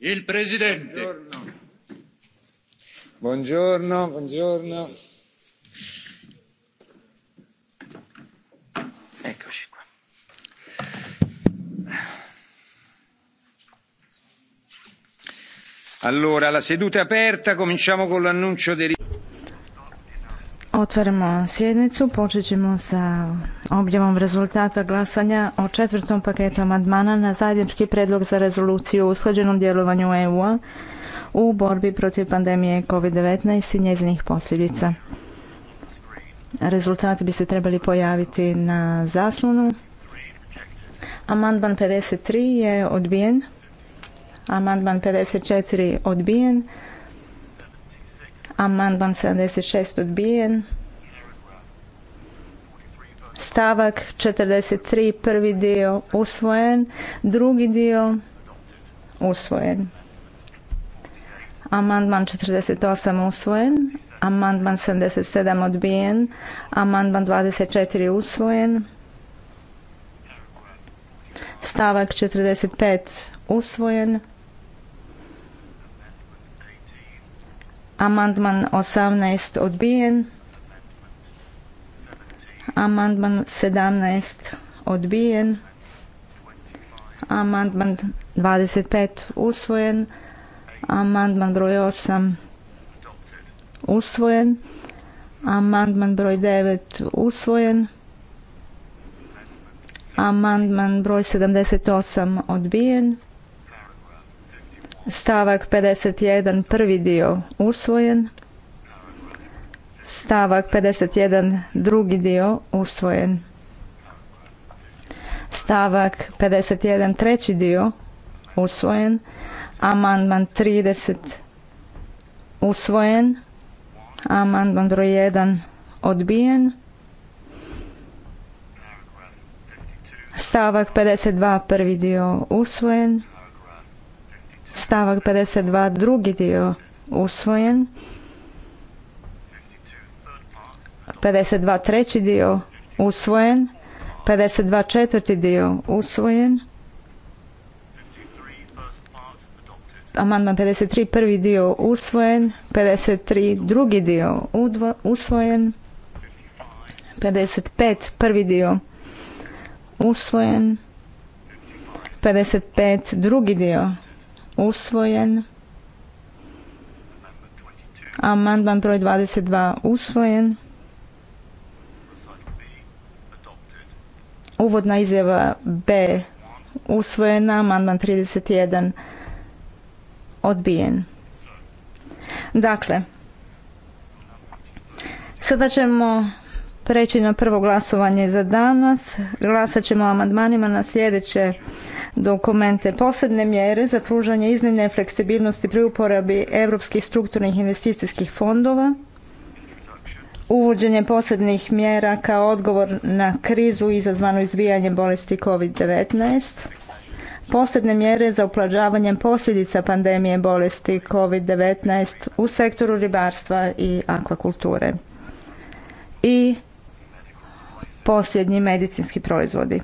Il presidente. Buongiorno. Buongiorno, Eccoci qua. Allora, la seduta è aperta, cominciamo con l'annuncio dei Otvaramo sjednicu. Počet ćemo sa objavom rezultata glasanja o četvrtom paketu amandmana na zajednički predlog za rezoluciju u usklađenom djelovanju EU-a u borbi protiv pandemije COVID-19 i njezinih posljedica. Rezultati bi se trebali pojaviti na zaslonu. Amandman 53 je odbijen. Amandman 54 odbijen. Amandman 76 odbijen. Stavak 43, prvi dio usvojen, drugi dio usvojen. Amandman 48 usvojen, amandman 77 odbijen, amandman 24 usvojen, stavak 45 usvojen, Amandman 18 odbijen. Amandman 17 odbijen. Amandman 25 usvojen. Amandman broj 8 usvojen. Amandman broj 9 usvojen. Amandman broj 78 odbijen. Stavak 51 prvi dio usvojen. Stavak 51 drugi dio usvojen. Stavak 51 treći dio usvojen. Amandman 30 usvojen. Amandman broj 1 odbijen. Stavak 52 prvi dio usvojen stavak 52 drugi dio usvojen 52 treći dio usvojen 52 četvrti dio usvojen amandman 53 prvi dio usvojen 53 drugi dio usvojen 55 prvi dio usvojen 55 drugi dio usvojen. Amandman broj 22 usvojen. Uvodna izjava B usvojena, amandman 31 odbijen. Dakle, sada ćemo preći na prvo glasovanje za danas. Glasat ćemo o amandmanima na sljedeće dokumente. Posebne mjere za pružanje iznimne fleksibilnosti pri uporabi europskih strukturnih investicijskih fondova. Uvođenje posebnih mjera kao odgovor na krizu izazvanu izvijanje bolesti COVID-19 posebne mjere za uplađavanje posljedica pandemije bolesti COVID-19 u sektoru ribarstva i akvakulture. I posljednji medicinski proizvodi.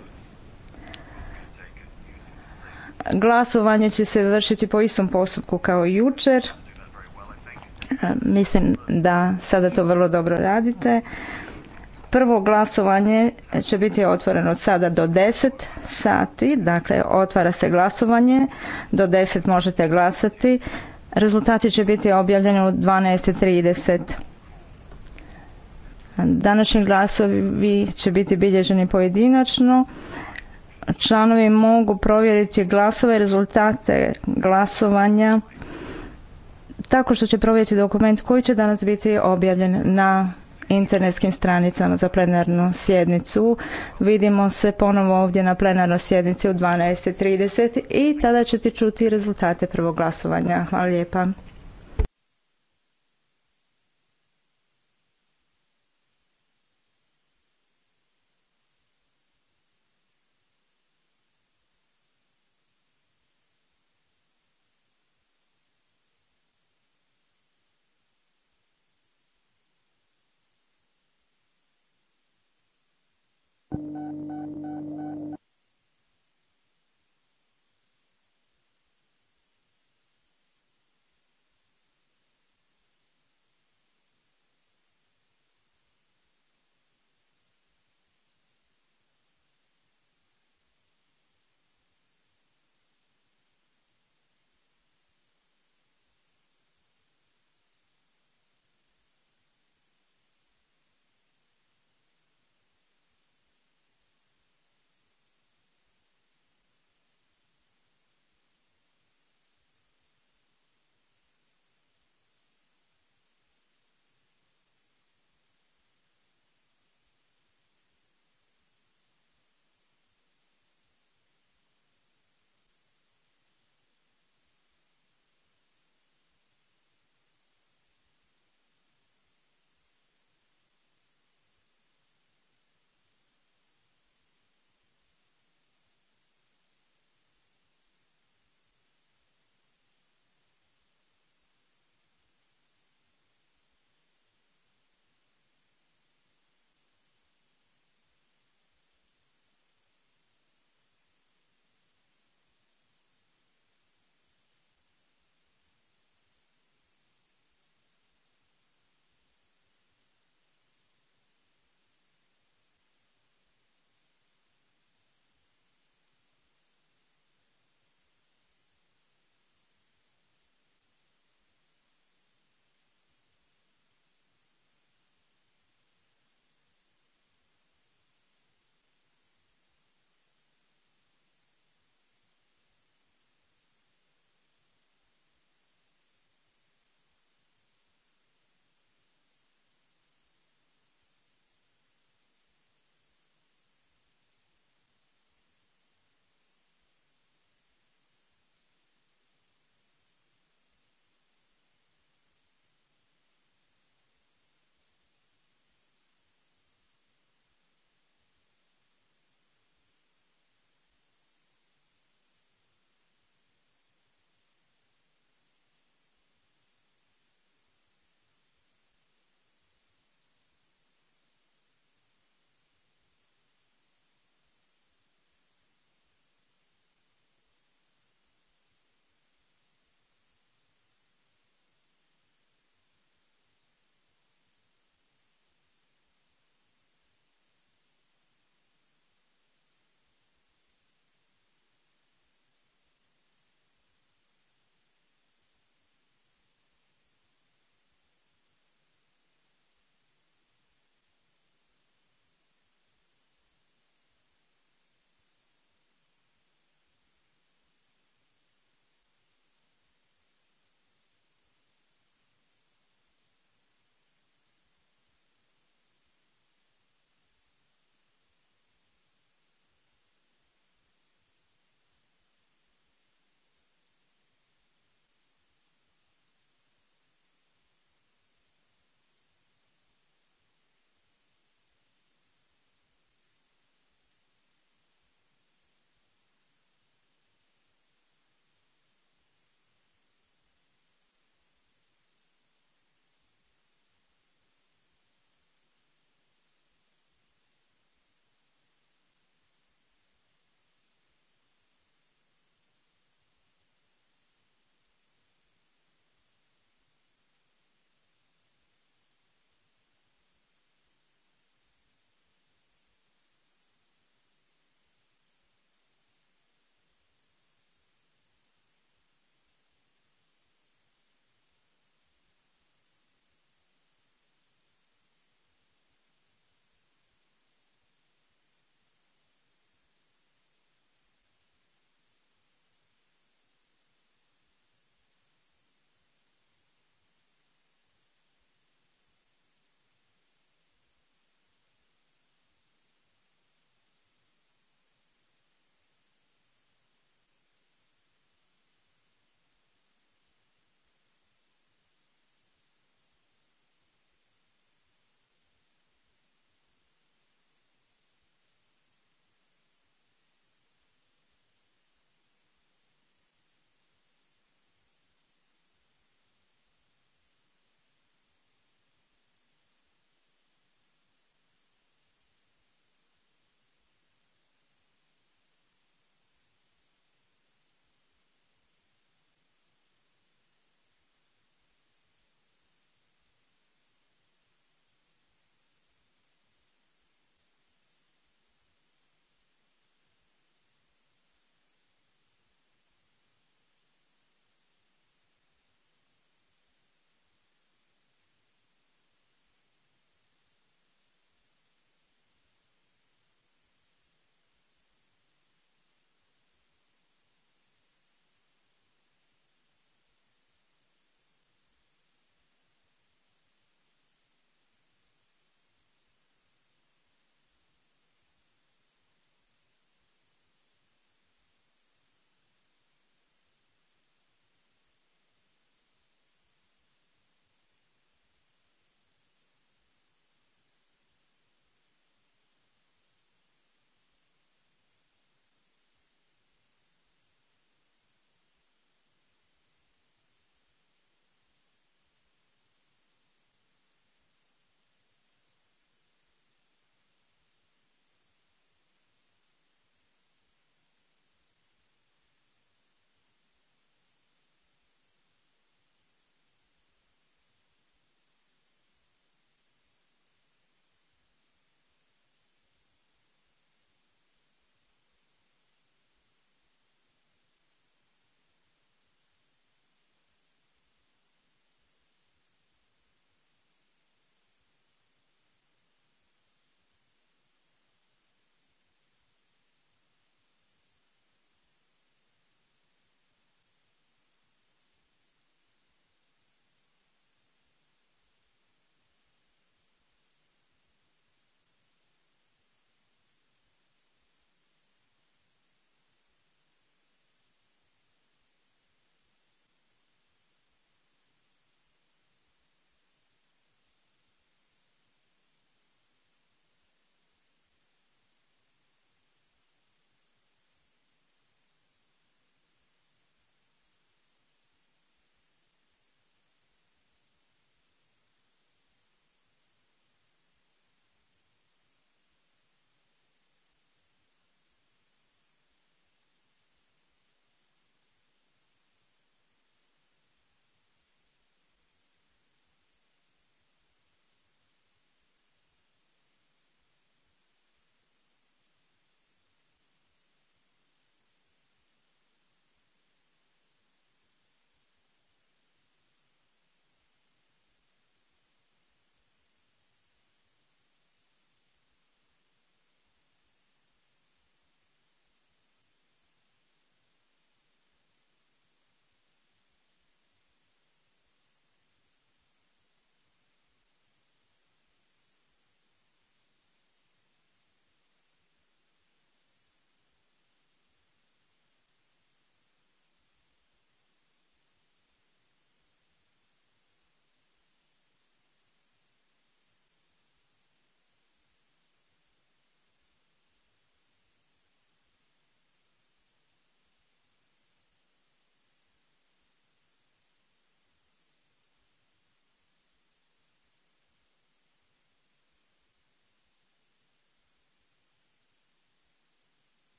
Glasovanje će se vršiti po istom postupku kao i jučer. E, mislim da sada to vrlo dobro radite. Prvo glasovanje će biti otvoreno sada do 10 sati, dakle otvara se glasovanje, do 10 možete glasati. Rezultati će biti objavljeni u 12.30. Današnji glasovi će biti bilježeni pojedinačno. Članovi mogu provjeriti glasove, rezultate glasovanja tako što će provjeriti dokument koji će danas biti objavljen na internetskim stranicama za plenarnu sjednicu. Vidimo se ponovo ovdje na plenarnoj sjednici u 12.30 i tada ćete čuti rezultate prvog glasovanja. Hvala lijepa.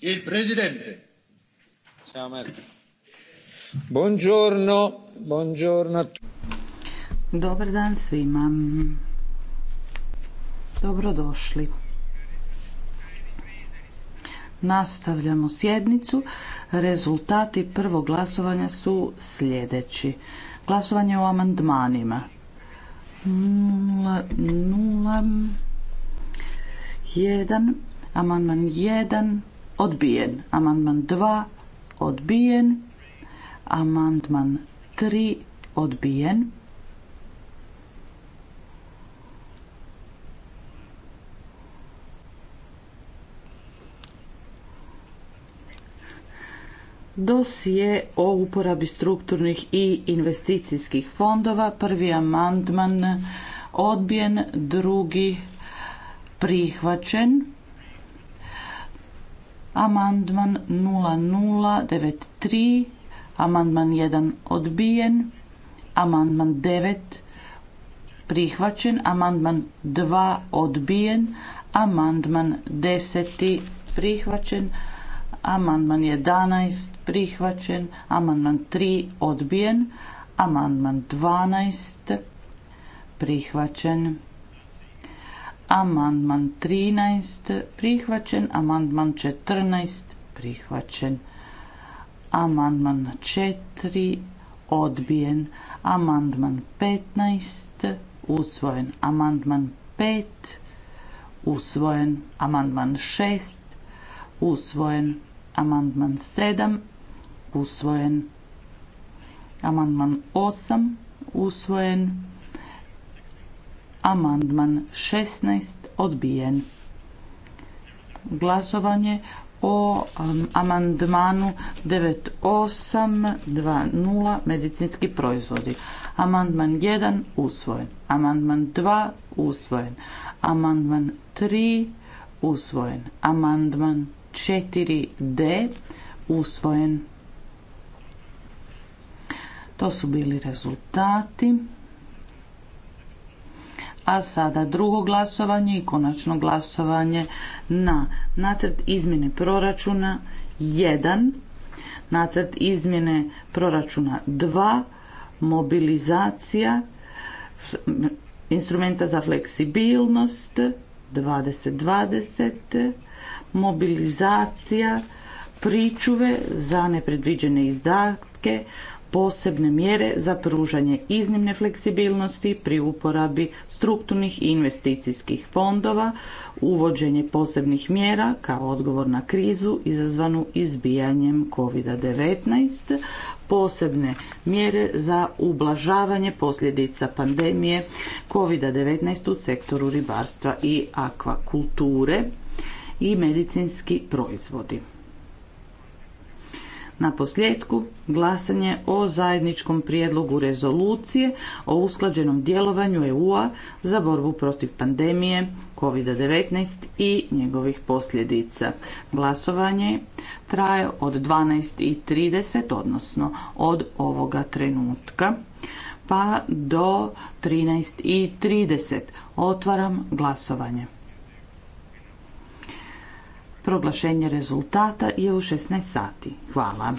Il presidente. Ciao Marko. Buongiorno, buongiorno. Dobar dan svima. Dobrodošli. Nastavljamo sjednicu. Rezultati prvog glasovanja su sljedeći. Glasovanje o amandmanima. Nula, nula, jedan, amandman jedan, odbijen. Amandman 2 odbijen. Amandman 3 odbijen. dosije o uporabi strukturnih i investicijskih fondova. Prvi amandman odbijen, drugi prihvaćen. Amandman 0093, amandman 1 odbijen, amandman 9 prihvaćen, amandman 2 odbijen, amandman 10 prihvaćen, amandman 11 prihvaćen, amandman 3 odbijen, amandman 12 prihvaćen amandman 13 prihvaćen, amandman 14 prihvaćen, amandman 4 odbijen, amandman 15 usvojen, amandman 5 usvojen, amandman 6 usvojen, amandman 7 usvojen, amandman 8 usvojen, Amandman 16 odbijen. Glasovanje o um, amandmanu 9820 medicinski proizvodi. Amandman 1 usvojen. Amandman 2 usvojen. Amandman 3 usvojen. Amandman 4D usvojen. To su bili rezultati. A sada drugo glasovanje i konačno glasovanje na nacrt izmjene proračuna 1, nacrt izmjene proračuna 2, mobilizacija instrumenta za fleksibilnost 2020, mobilizacija pričuve za nepredviđene izdatke posebne mjere za pružanje iznimne fleksibilnosti pri uporabi strukturnih i investicijskih fondova, uvođenje posebnih mjera kao odgovor na krizu izazvanu izbijanjem COVID-19, posebne mjere za ublažavanje posljedica pandemije COVID-19 u sektoru ribarstva i akvakulture i medicinski proizvodi. Na posljedku glasanje o zajedničkom prijedlogu rezolucije o usklađenom djelovanju EU-a za borbu protiv pandemije COVID-19 i njegovih posljedica. Glasovanje traje od 12.30, odnosno od ovoga trenutka pa do 13.30. Otvaram glasovanje. Proglašenje rezultata je u 16 sati. Hvala.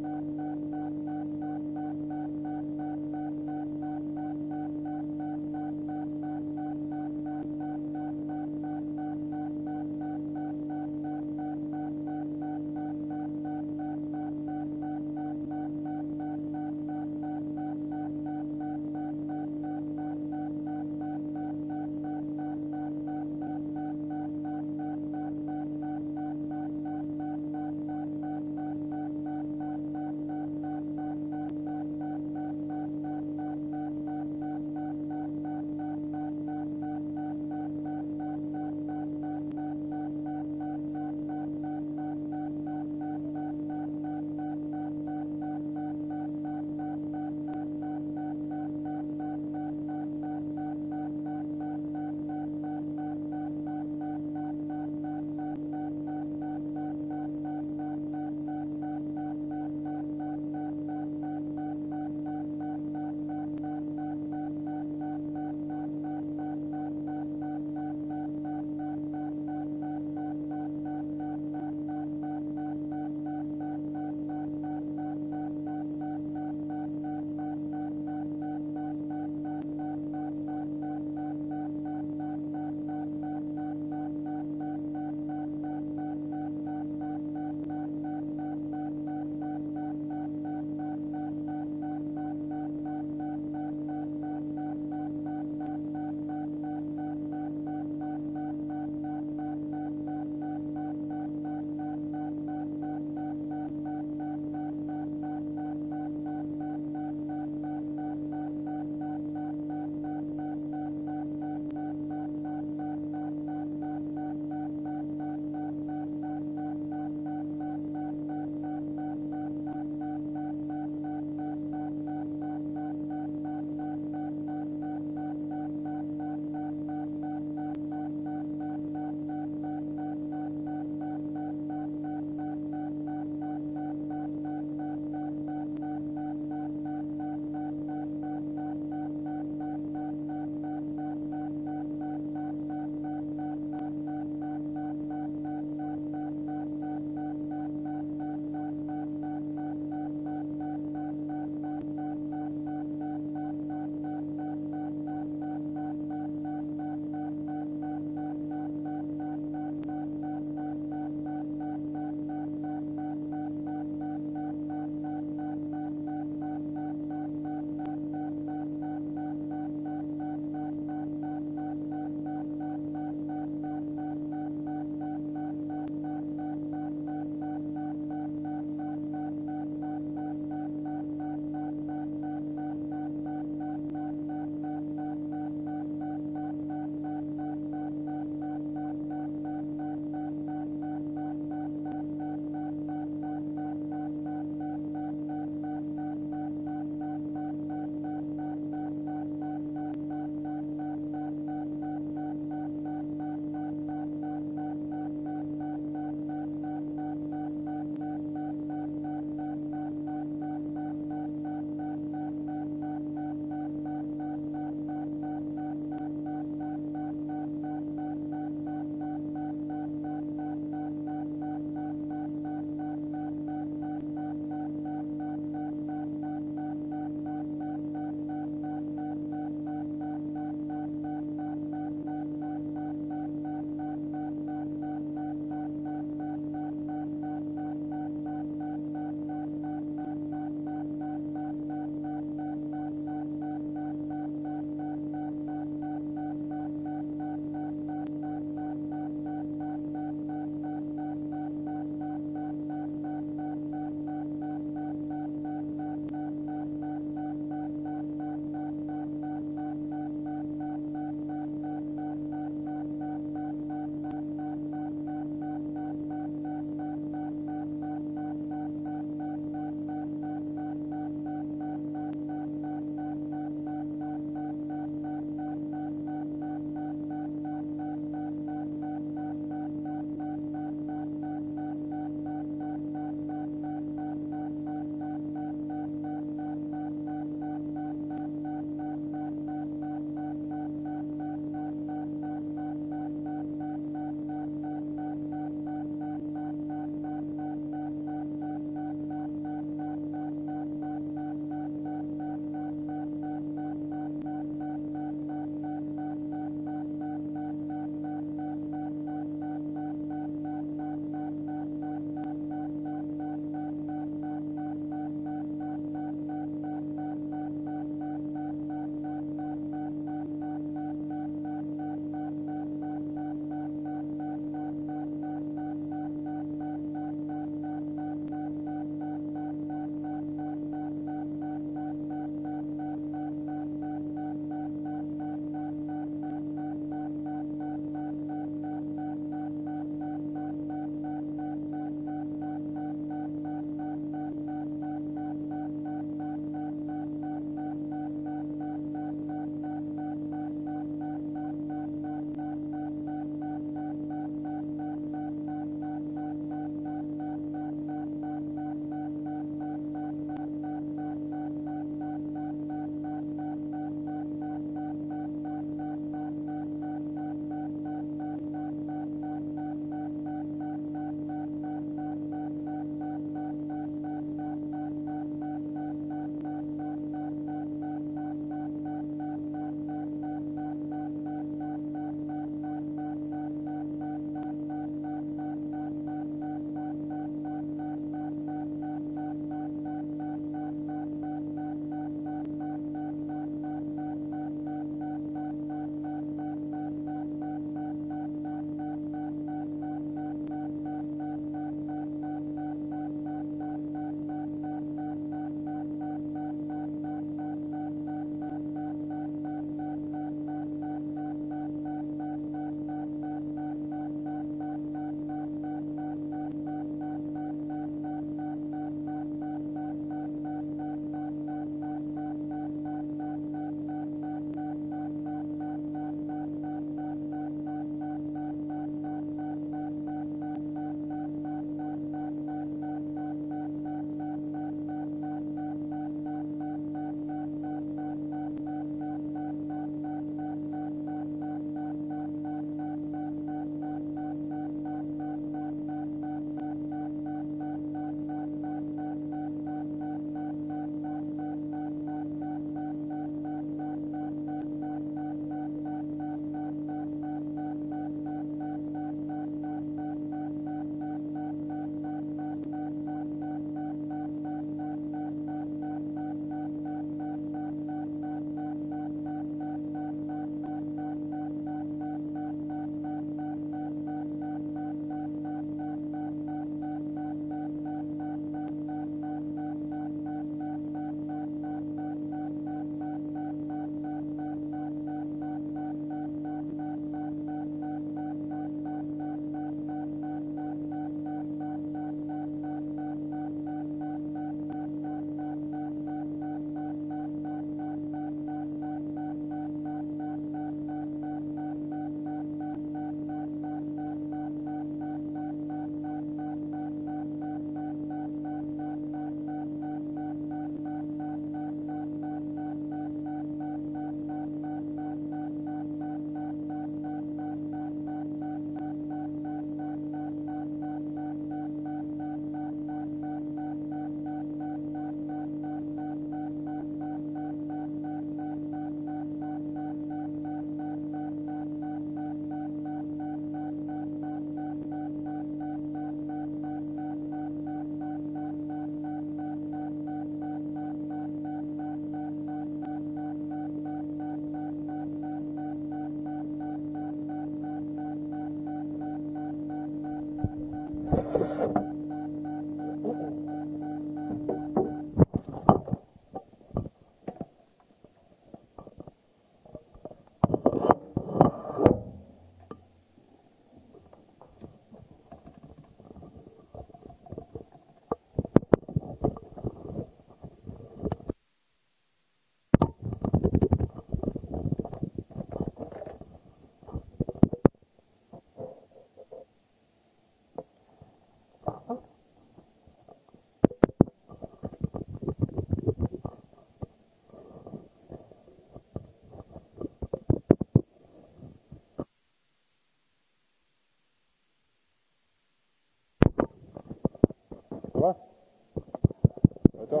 Hvala.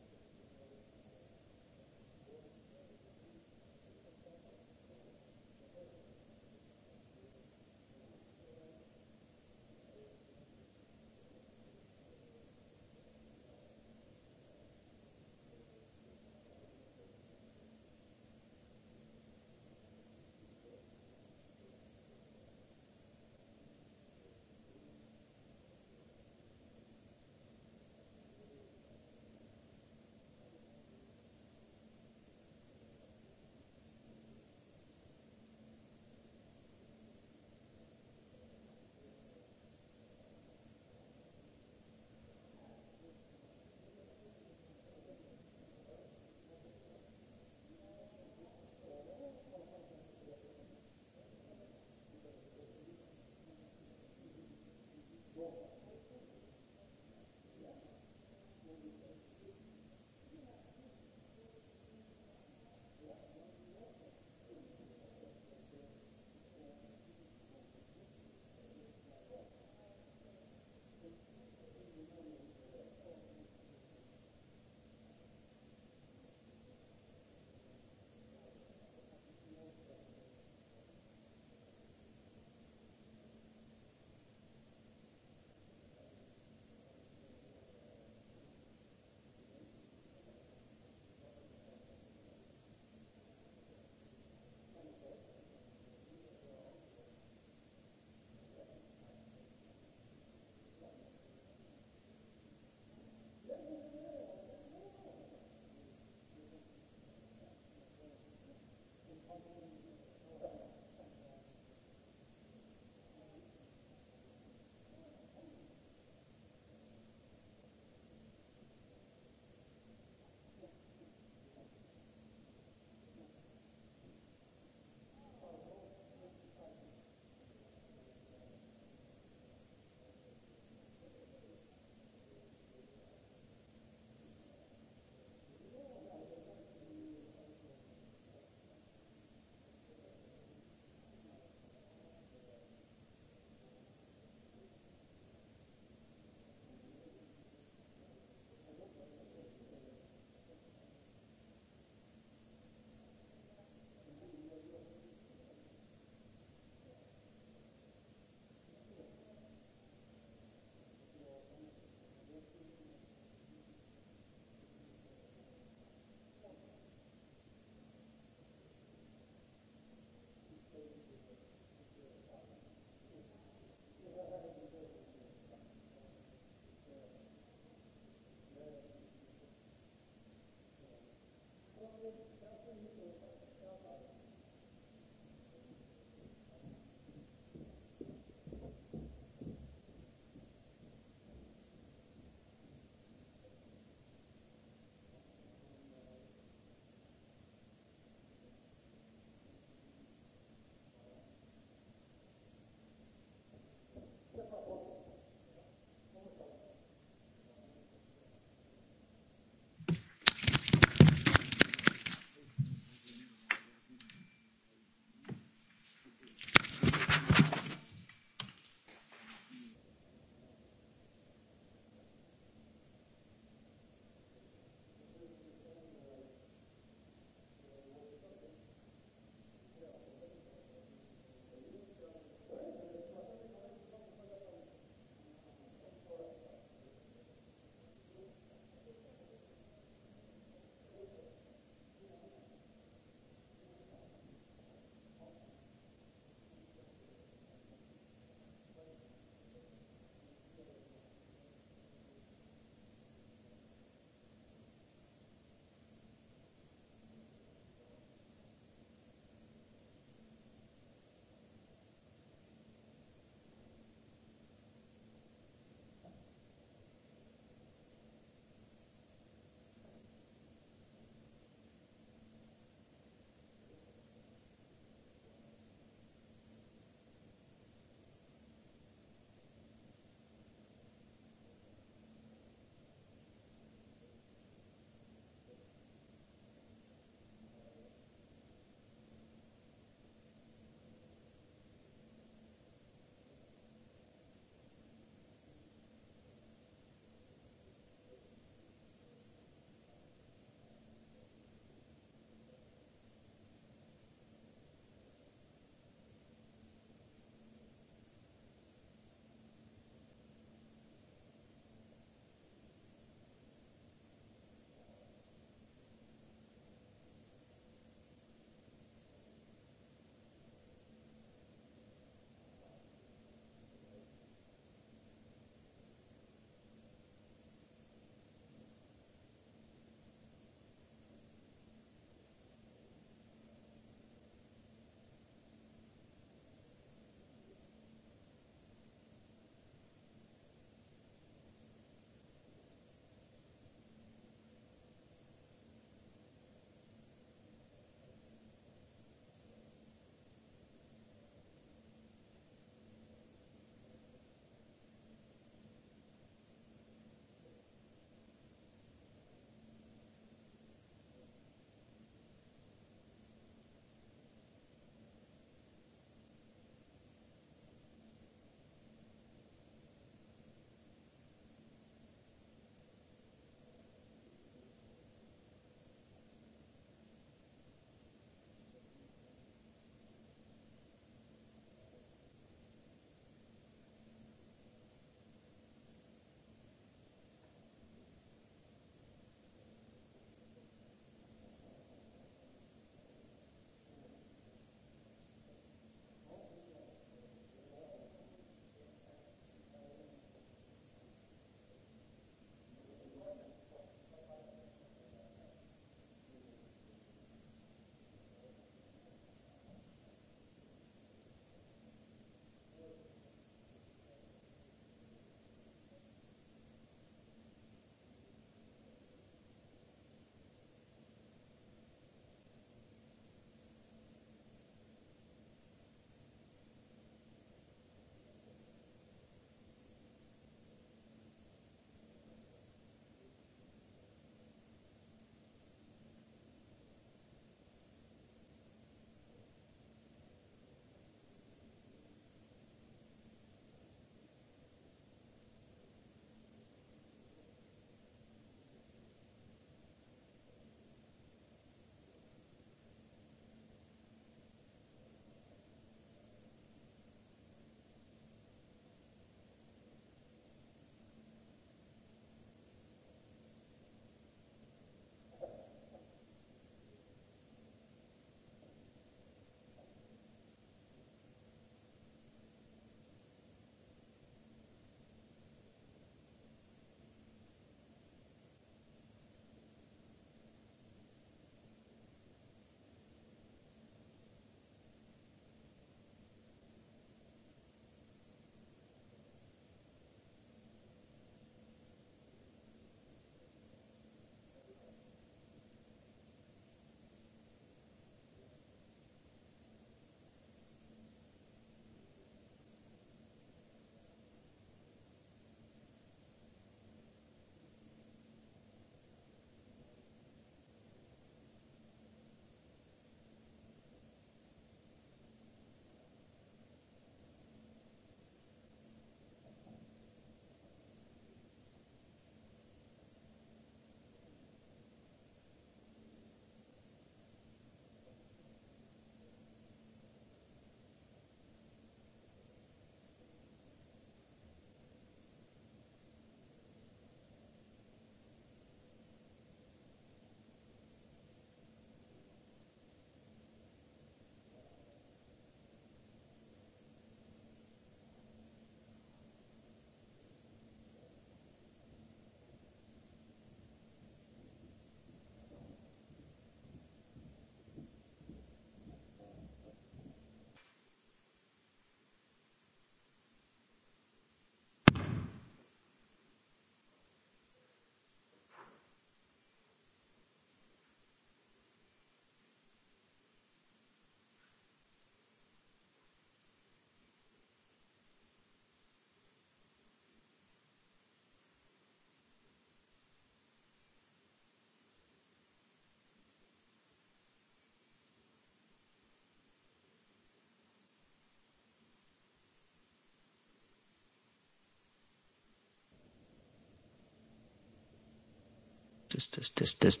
Test test test test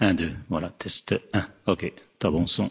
1 2 voilà test 1 OK ta bon son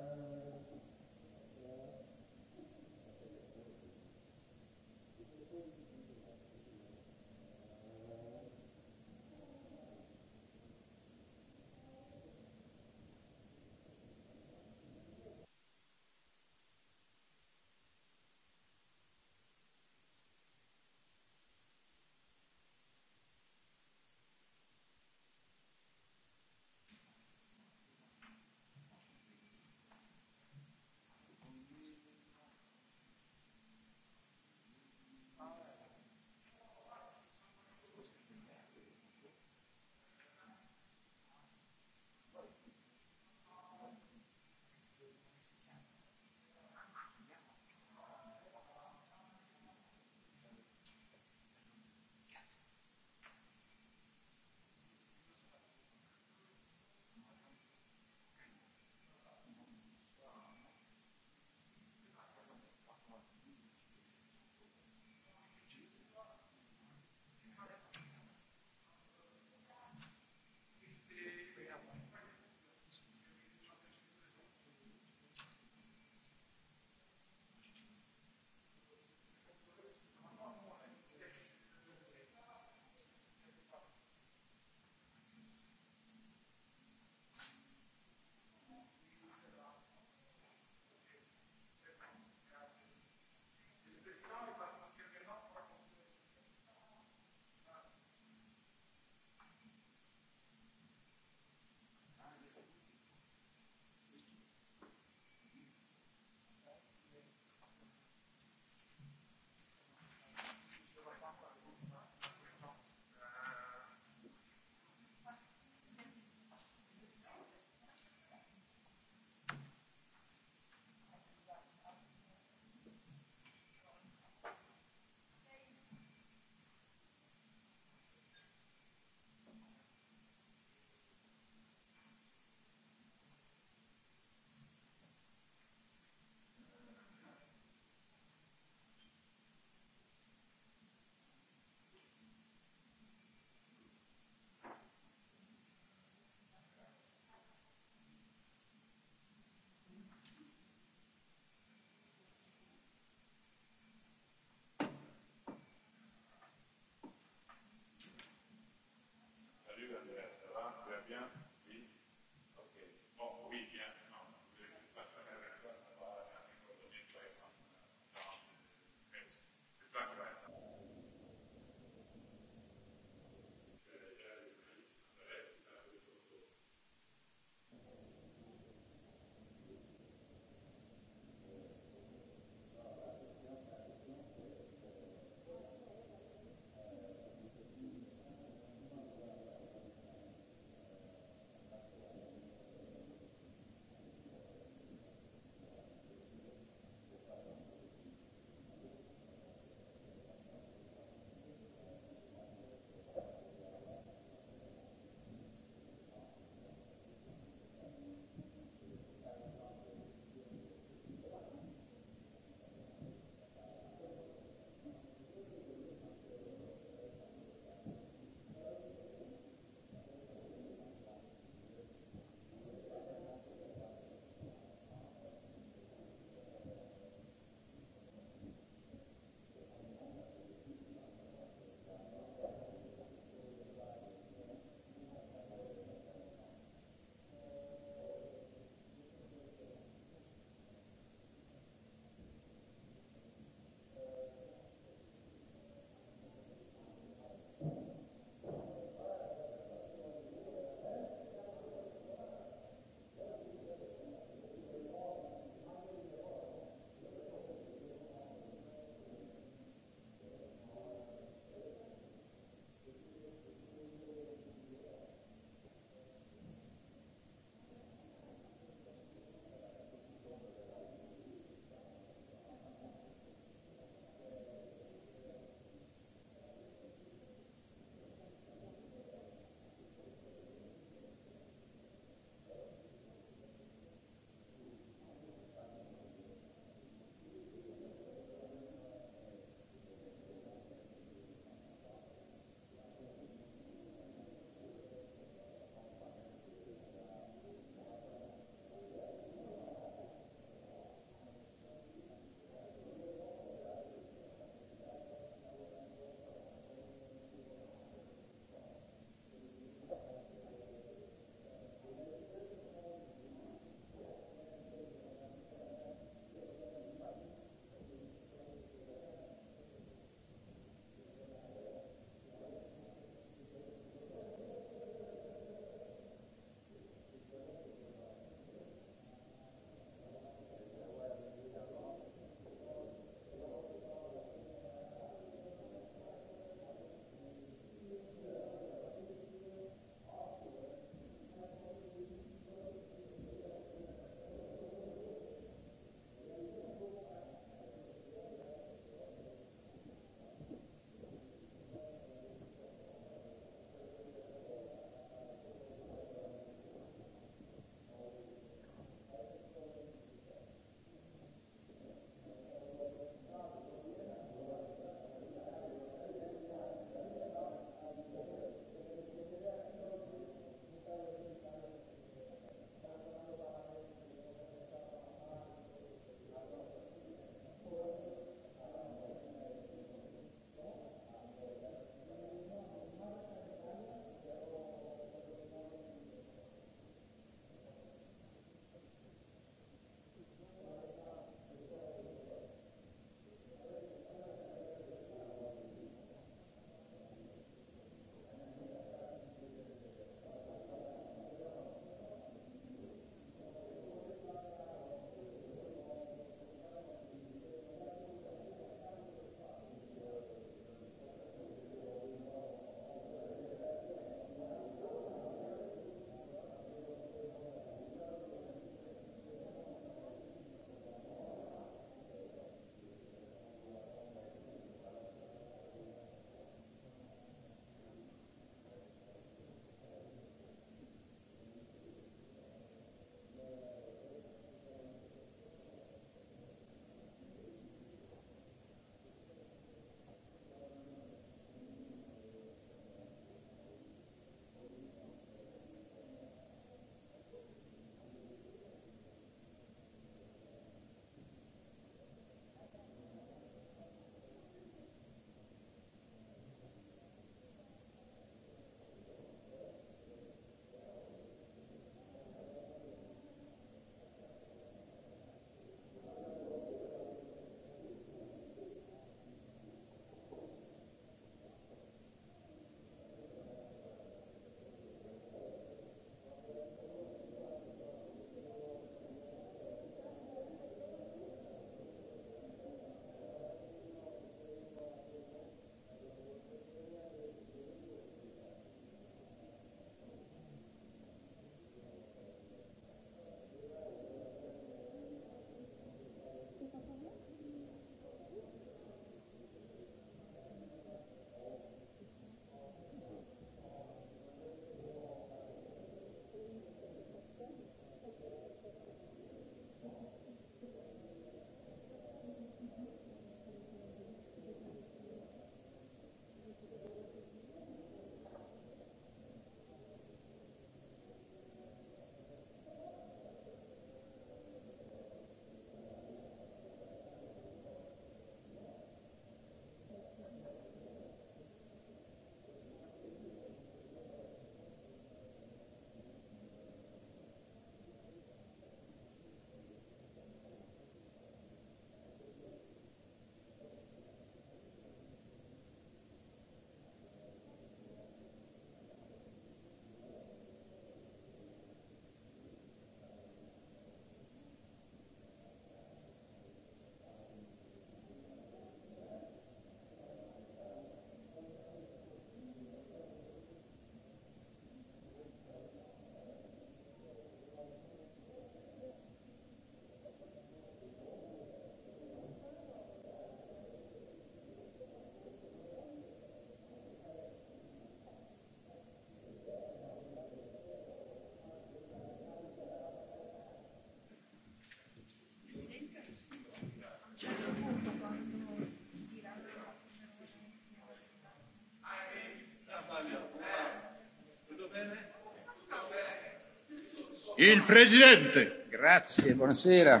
Il presidente. Grazie, buonasera.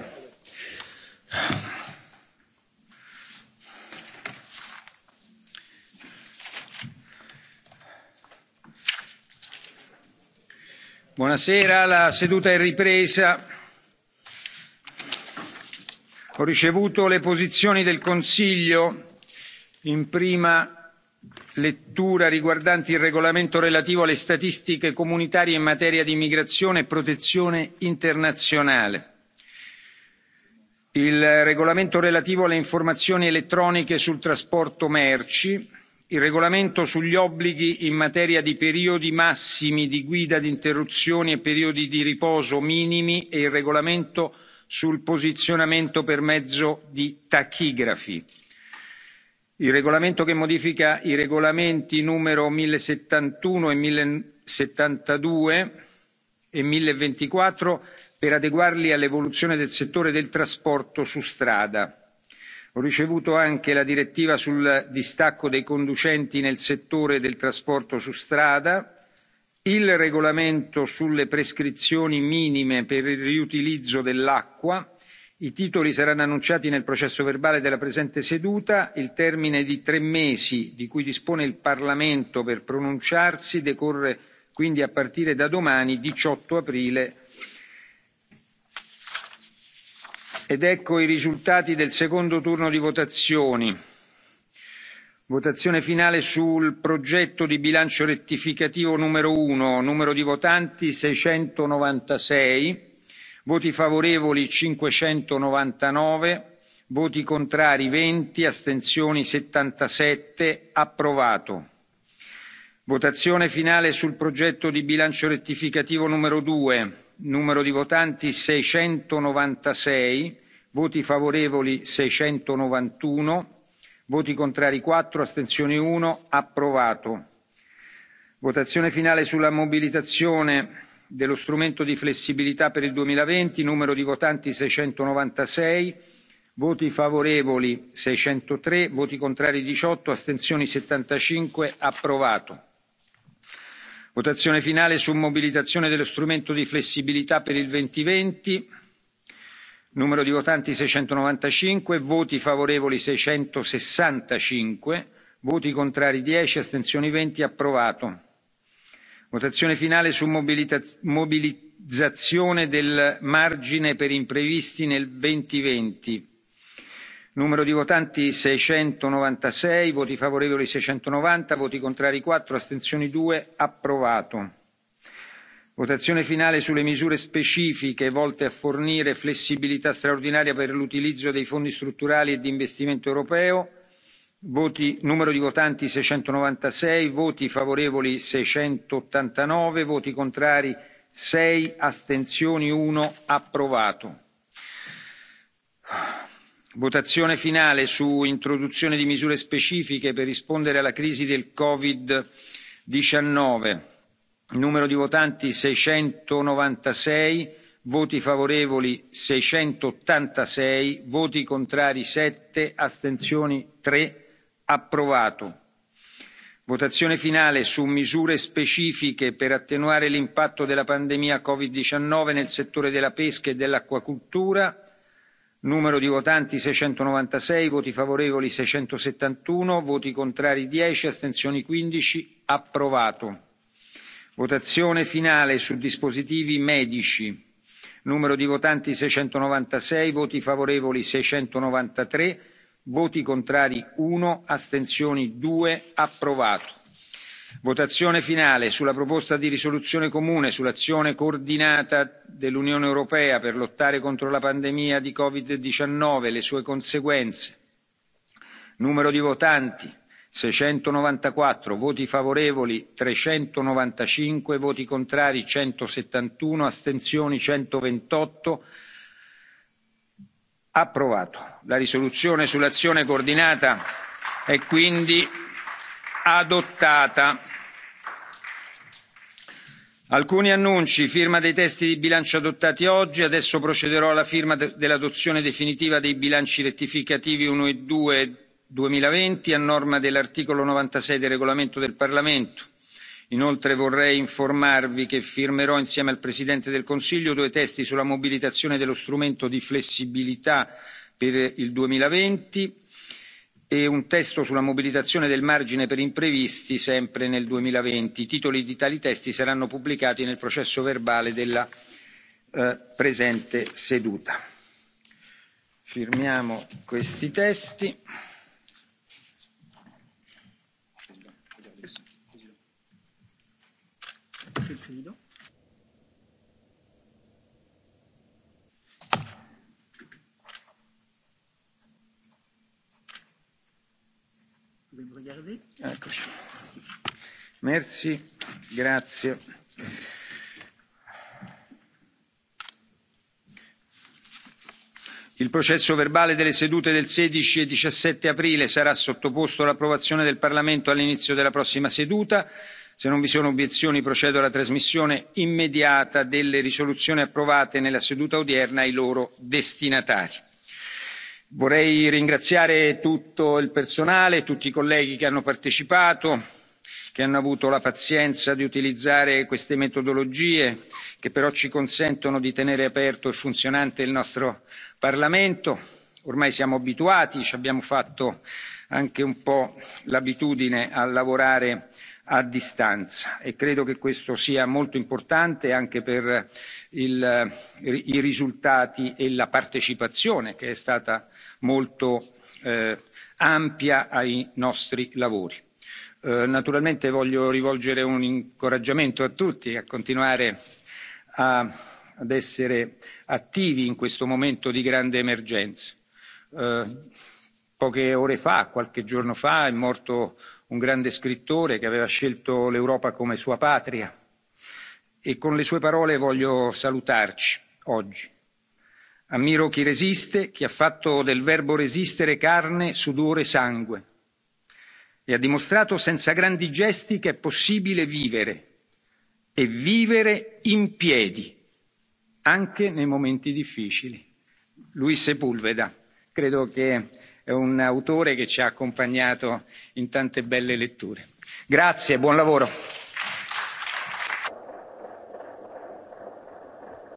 Buonasera, la seduta è ripresa. Ho ricevuto le posizioni del Consiglio in prima lettura riguardanti il regolamento relativo alle statistiche comunitarie in materia di immigrazione e protezione internazionale il regolamento relativo alle informazioni elettroniche sul trasporto merci il regolamento sugli obblighi in materia di periodi massimi di guida di interruzioni e periodi di riposo minimi e il regolamento sul posizionamento per mezzo di tachigrafi il regolamento che modifica i regolamenti numero millesettantuno e millesettantadue e 1024 per adeguarli all'evoluzione del settore del trasporto su strada. ho ricevuto anche la direttiva sul distacco dei conducenti nel settore del trasporto su strada il regolamento sulle prescrizioni minime per il riutilizzo dell'acqua i titoli saranno annunciati nel processo verbale della presente seduta il termine di tre mesi di cui dispone il parlamento per pronunciarsi decorre quindi a partire da domani 18 aprile ed ecco i risultati del secondo turno di votazioni votazione finale sul progetto di bilancio rettificativo numero uno numero di votanti 696 voti favorevoli cinquecentonovantanove voti contrari venti astensioni settantasette approvato. votazione finale sul progetto di bilancio rettificativo numero due numero di votanti seicentonovantasei voti favorevoli seicentonovantuno voti contrari quattro astensioni uno approvato. votazione finale sulla mobilitazione dello strumento di flessibilità per il duemilaventi numero di votanti 696 voti favorevoli 603 voti contrari diciotto astensioni settantacinque approvato. votazione finale su mobilitazione dello strumento di flessibilità per il 2020 numero di votanti seicentonovantacinque voti favorevoli seicentosessantacinque voti contrari dieci astensioni venti approvato votazione finale su mobilizzazione del margine per imprevisti nel duemilaventi numero di votanti seicentonovantasei voti favorevoli seicentonovanta voti contrari quattro astensioni due approvato. votazione finale sulle misure specifiche volte a fornire flessibilità straordinaria per l'utilizzo dei fondi strutturali e di investimento europeo voti numero di votanti seicentonovantasei voti favorevoli seicentottantanove voti contrari sei astensioni uno approvato. votazione finale su introduzione di misure specifiche per rispondere alla crisi del covid diciannove numero di votanti seicentonovantasei voti favorevoli seicentottantasei voti contrari sette astensioni tre approvato. votazione finale su misure specifiche per attenuare l'impatto della pandemia covid diciannove nel settore della pesca e dell'acquacoltura numero di votanti seicentonovantasei voti favorevoli seicentosettantuno voti contrari dieci astensioni quindici approvato. votazione finale su dispositivi medici numero di votanti seicentonovantasei voti favorevoli seicentonovantatré voti contrari uno astensioni due approvato. votazione finale sulla proposta di risoluzione comune sull'azione coordinata dell'unione europea per lottare contro la pandemia di covid diciannove e le sue conseguenze numero di votanti seicentonovantaquattro voti favorevoli trecentonovantacinque voti contrari centosettantuno astensioni centoventotto approvato. la risoluzione sull'azione coordinata è quindi adottata. alcuni annunci firma dei testi di bilancio adottati oggi adesso procederò alla firma dell'adozione definitiva dei bilanci rettificativi 1 e 2 2020 a norma dell'articolo 96 del regolamento del parlamento inoltre vorrei informarvi che firmerò insieme al presidente del consiglio due testi sulla mobilitazione dello strumento di flessibilità per il duemilaventi e un testo sulla mobilitazione del margine per imprevisti sempre nel. duemilaventi i titoli di tali testi saranno pubblicati nel processo verbale della eh, presente seduta. firmiamo questi testi. grazie. Il processo verbale delle sedute del 16 e 17 aprile sarà sottoposto all'approvazione del Parlamento all'inizio della prossima seduta. Se non vi sono obiezioni procedo alla trasmissione immediata delle risoluzioni approvate nella seduta odierna ai loro destinatari vorrei ringraziare tutto il personale tutti i colleghi che hanno partecipato che hanno avuto la pazienza di utilizzare queste metodologie che però ci consentono di tenere aperto e funzionante il nostro parlamento. ormai siamo abituati ci abbiamo fatto anche un po' l'abitudine a lavorare a distanza e credo che questo sia molto importante anche per il, i risultati e la partecipazione che è stata molto eh, ampia ai nostri lavori. Eh, naturalmente voglio rivolgere un incoraggiamento a tutti a continuare ad essere attivi in questo momento di grande emergenza. Eh, poche ore fa qualche giorno fa è morto un grande scrittore che aveva scelto l'europa come sua patria e con le sue parole voglio salutarci oggi. ammiro chi resiste chi ha fatto del verbo resistere carne sudore e sangue e ha dimostrato senza grandi gesti che è possibile vivere e vivere in piedi anche nei momenti difficili. luis Sepulveda, credo che è un autore che ci ha accompagnato in tante belle letture. grazie buon lavoro.